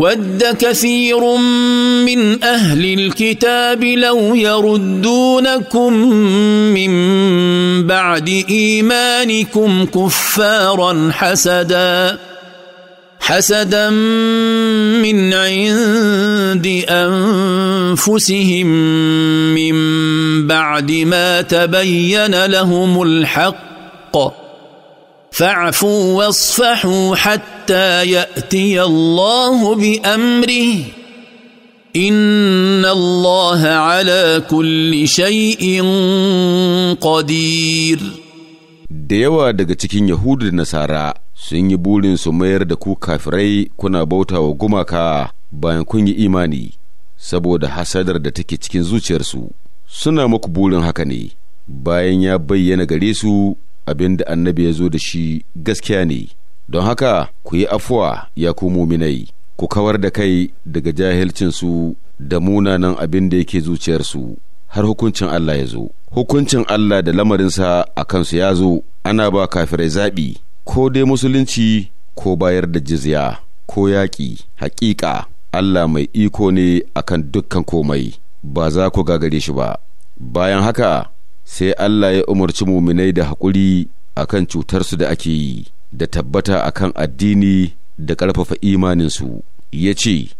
ود كثير من اهل الكتاب لو يردونكم من بعد ايمانكم كفارا حسدا حسدا من عند انفسهم من بعد ما تبين لهم الحق فاعفوا واصفحوا حتى ياتي الله بامره ان الله على كل شيء قدير da yawa daga cikin yahudu da nasara sun yi burin su mayar da ku kafirai kuna bauta wa gumaka bayan kun yi imani saboda hasadar da take cikin zuciyarsu suna muku burin haka ne bayan ya bayyana gare su abin da annabi ya zo da shi gaskiya ne don haka ku yi afuwa ya ku muminai ku kawar da kai daga jahilcinsu da munanan abin da yake zuciyarsu har hukuncin Allah ya zo hukuncin Allah da lamarinsa a kansu ya zo ana ba kafirai zaɓi ko dai musulunci ko bayar da jizya ko yaƙi haƙiƙa Allah mai iko ne akan dukkan komai ba za ku gagare shi ba bayan haka sai Allah ya umarci muminai da haƙuri a akan cutarsu da ake yi da tabbata a kan addini da ƙarfafa imaninsu ya ce